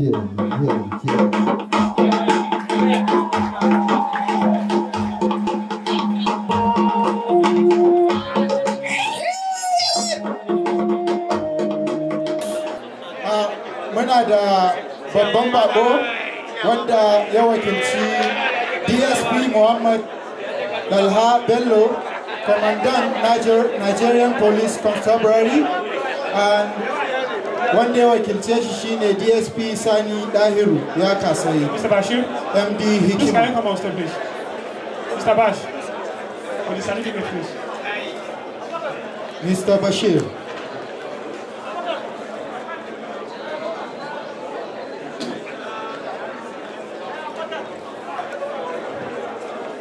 yeah, yeah, yeah. muna da babban bako wanda ya wakilci dsp muhammad dalha bello commandant nigerian police constabulary and wanda ya wakilce shi shine dsp sani dahiru ya kasaye mr bashir md hikim mr come on step please mr bash for mr bashir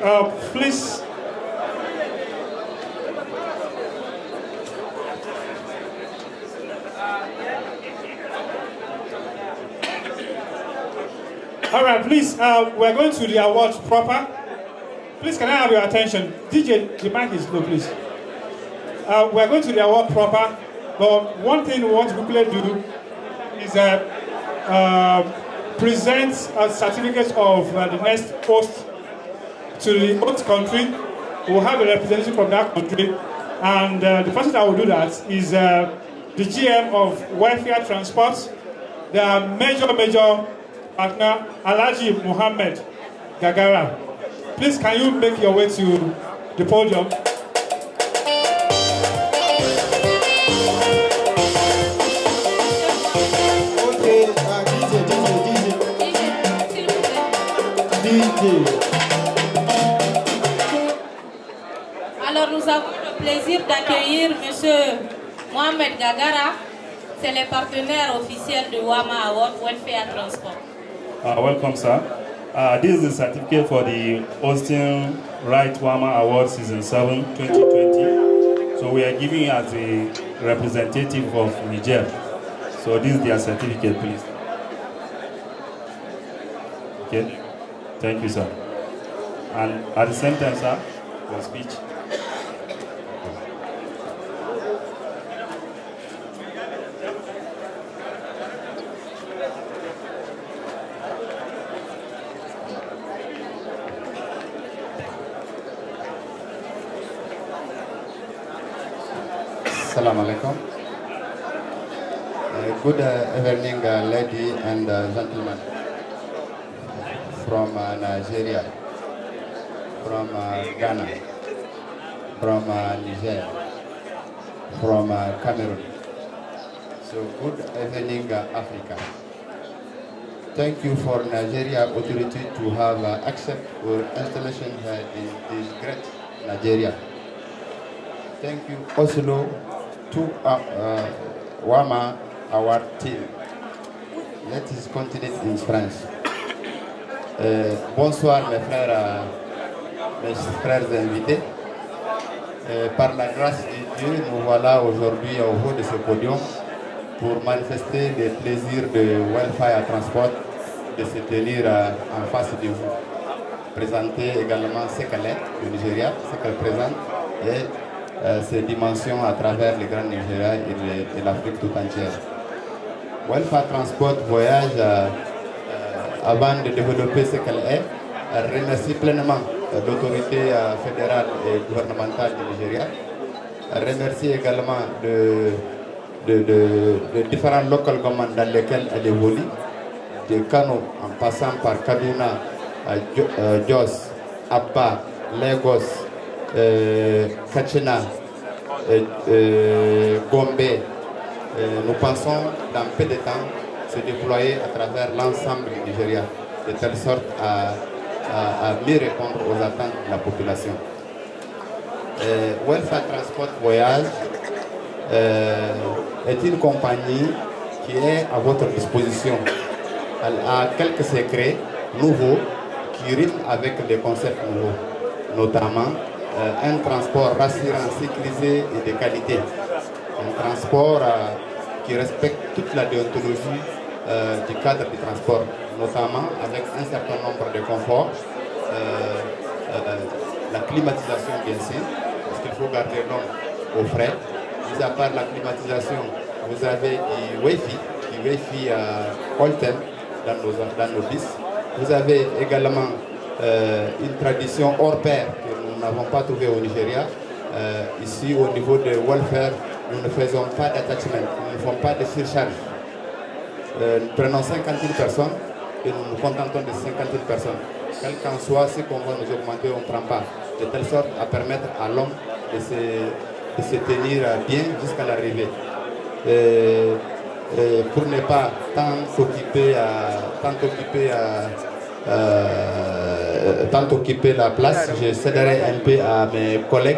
Uh, please All right, please, uh, we're going to the awards proper. Please, can I have your attention? DJ, the mic is low, please. Uh, we're going to the award proper, but one thing we want to do is uh, uh, present a certificate of uh, the next host to the host country. We'll have a representative from that country, and uh, the person that will do that is uh, the GM of Welfare Transport. There are major, major partner, Alaji Mohamed Gagara. Please, can you make your way to the podium? DJ, DJ, Alors, nous avons le plaisir d'accueillir M. Mohamed Gagara. C'est le partenaire officiel de Wama Award Welfare Transport. Uh, welcome, sir. Uh, this is the certificate for the Austin Right Warmer Award Season 7 2020. So we are giving it as a representative of Niger. So this is their certificate, please. Okay. Thank you, sir. And at the same time, sir, your speech. Assalamu alaikum. Uh, good uh, evening, uh, lady and uh, gentlemen from uh, Nigeria, from uh, Ghana, from Niger, from Cameroon. So, good evening, Africa. Thank you for Nigeria authority to have uh, accept our installation here in this great Nigeria. Thank you, Oslo to uh, Wama, our team. Let continue in France. Uh, bonsoir mes frères, uh, mes frères invités. par la grâce de Dieu, nous voilà aujourd'hui au haut de ce podium pour manifester les plaisirs de Welfare Transport de se tenir en face de vous. Présenter également collègues du Nigeria, ce qu'elle présente, et ses euh, dimensions à travers le Grand Nigeria et l'Afrique tout entière. Welfa Transport Voyage, euh, euh, avant de développer ce qu'elle est, remercie pleinement l'autorité fédérale et gouvernementale du Nigeria. remercie également de, de, différents local governments dans lesquels elle évolue, de Kano en passant par Kaduna, Jos, Abba, Lagos, euh, Kachena, euh, euh, Gombe, nous pensons dans peu de temps se déployer à travers l'ensemble du Nigeria, de telle sorte à, mieux répondre aux attentes de la population. Welfare Transport Voyage est une compagnie qui est à votre disposition. Elle a quelques secrets nouveaux qui riment avec des concepts nouveaux, notamment euh, un transport rassurant, sécurisé et de qualité. Un transport euh, qui respecte toute la déontologie euh, du cadre du transport, notamment avec un certain nombre de conforts, la climatisation bien sûr, parce qu'il faut garder l'homme au frais. Mis à part la climatisation, vous avez du Wi-Fi, du Wi-Fi à Holten dans nos, dans bus. Vous avez également une tradition hors pair n'avons pas trouvé au Nigeria. Euh, ici, au niveau de welfare, nous ne faisons pas d'attachement nous ne faisons pas de surcharge. Euh, nous prenons 000 personnes et nous nous contentons de 000 personnes. Quel qu'en soit ce qu'on va nous augmenter, on ne prend pas. De telle sorte à permettre à l'homme de se, de se, tenir bien jusqu'à l'arrivée. Euh, pour ne pas tant s'occuper à, tant occuper à euh, tant occuper la place, je céderai un peu à mes collègues,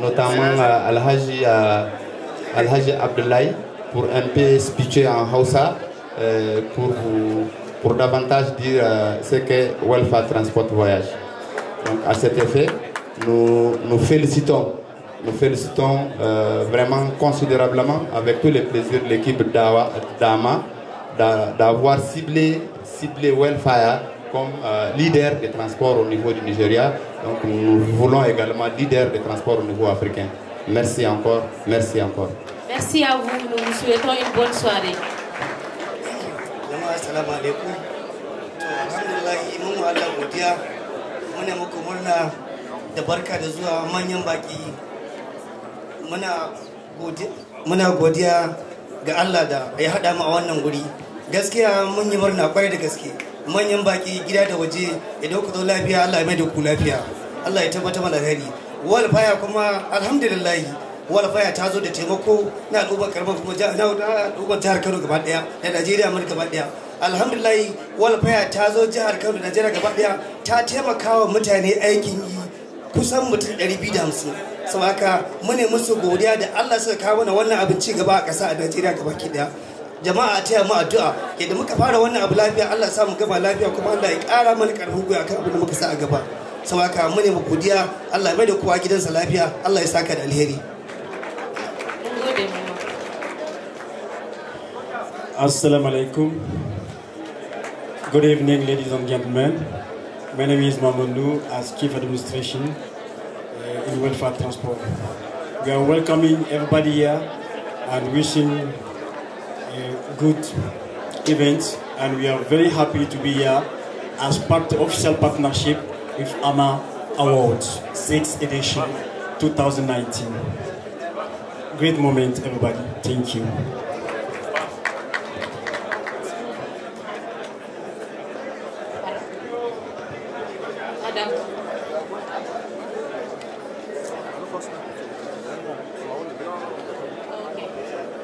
notamment euh, Al-Haji euh, Al pour un peu en Hausa, pour, pour davantage dire ce qu'est Welfare Transport Voyage. Donc, à cet effet, nous, nous félicitons nous félicitons vraiment considérablement avec tous les plaisirs de l'équipe d'AMA d'avoir ciblé, ciblé Welfare comme euh, leader des transports au niveau du Nigeria. Donc nous voulons également leader des transports au niveau africain. Merci encore, merci encore. Merci à vous, nous vous souhaitons une bonne soirée. manyan baki gida da waje idan ku zo lafiya Allah ya mai da ku lafiya Allah ya tabbata mana gari wal faya kuma alhamdulillah wal faya ta zo da taimako na duban karban kuma na duban jihar Kano gaba daya da Najeriya mun gaba daya alhamdulillah wal faya ta zo jihar Kano da Najeriya gaba daya ta taimaka wa mutane aikin yi kusan mutum 250 sau haka mune musu godiya da Allah suka kawo mana wannan abin ci gaba a ƙasa a Najeriya gaba ki daya jama'a taya mu addu'a yadda muka fara wannan abu lafiya Allah sa mu gaba lafiya kuma Allah ya ƙara mana ƙarfin gwiwa kan abin da muka sa a gaba sawaka mu ne mu godiya Allah ya bai da kowa gidansa lafiya Allah ya saka da alheri Assalamu alaikum. Good evening, ladies and gentlemen. My name is Mamoundou as Chief Administration uh, in Welfare Transport. We are welcoming everybody here and wishing good event and we are very happy to be here as part of official partnership with AMA Awards, 6th edition 2019. Great moment, everybody. Thank you.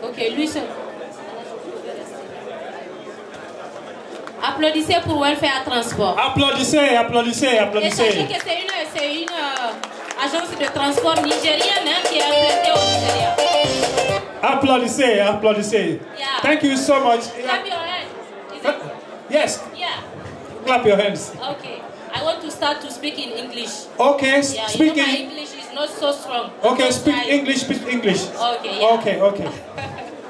Okay, Luisa. Applaudissez pour Welfare Transport. Applaudissez, applaudissez, applaudissez. Et sachez que c'est une, une euh, agence de transport nigérienne hein, qui est implantée au Nigeria. Applaudissez, applaudissez. Thank you so much. Clap your hands. yes. Yeah. Clap your hands. Okay. I want to start to speak in English. Okay, yeah, speak you know, English is not so strong. Okay, speak English, speak English. Okay, Okay, okay.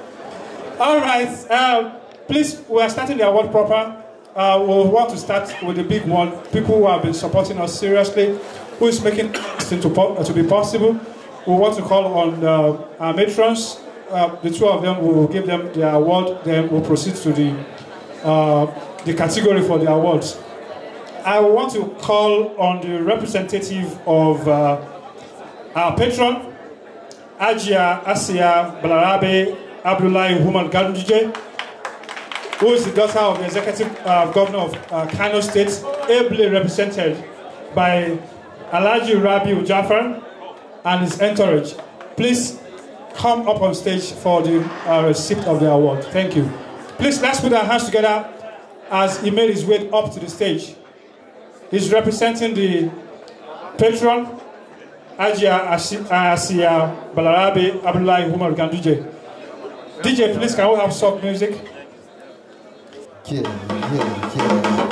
All right. Um, please, we are starting the award proper. Uh, we want to start with the big one, people who have been supporting us seriously, who is making this to, uh, to be possible. We want to call on uh, our matrons. Uh, the two of them, we will give them the award, then we'll proceed to the, uh, the category for the awards. I want to call on the representative of uh, our patron, Ajia Asia Balarabe Abdullahi Human Gandhije who is the daughter of the executive uh, governor of uh, Kano State, ably represented by Alaji Rabi Ujafar and his entourage. Please come up on stage for the uh, receipt of the award. Thank you. Please, let's put our hands together as he made his way up to the stage. He's representing the patron, Ajia Asiya uh, Balarabe Abdullahi Umar Ganduje. DJ, please, can we have soft music? 进，进，进。